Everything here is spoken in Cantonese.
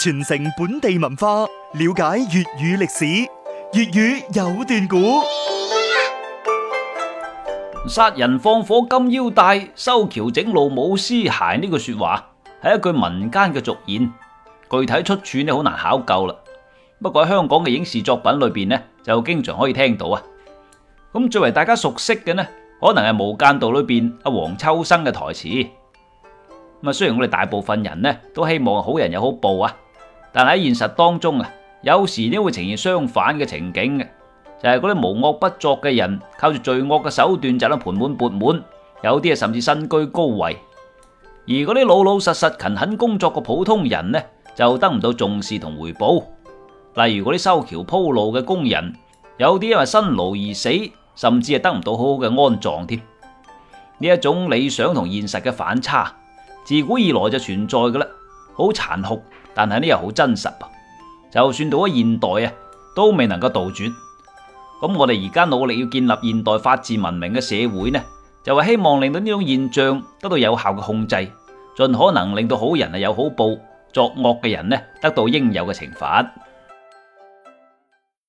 傳承本地文化，了解粵語歷史。粵語有段古，殺人放火金腰帶，修橋整路冇屍骸呢句說話，係一句民間嘅俗言。具體出處呢好難考究啦。不過喺香港嘅影視作品裏邊呢，就經常可以聽到啊。咁最為大家熟悉嘅呢，可能係《無間道》裏邊阿黃秋生嘅台詞。咁啊，雖然我哋大部分人呢都希望好人有好報啊。但喺現實當中啊，有時呢會呈現相反嘅情景嘅，就係嗰啲無惡不作嘅人，靠住罪惡嘅手段賺到盆滿缽滿，有啲啊甚至身居高位；而嗰啲老老實實勤懇工作嘅普通人呢，就得唔到重視同回報。例如嗰啲修橋鋪路嘅工人，有啲因為辛勞而死，甚至啊得唔到好好嘅安葬添。呢一種理想同現實嘅反差，自古以來就存在㗎喇。好殘酷，但係呢又好真實噃。就算到咗現代啊，都未能夠杜絕。咁我哋而家努力要建立現代法治文明嘅社會呢，就係希望令到呢種現象得到有效嘅控制，盡可能令到好人啊有好報，作惡嘅人呢得到應有嘅懲罰。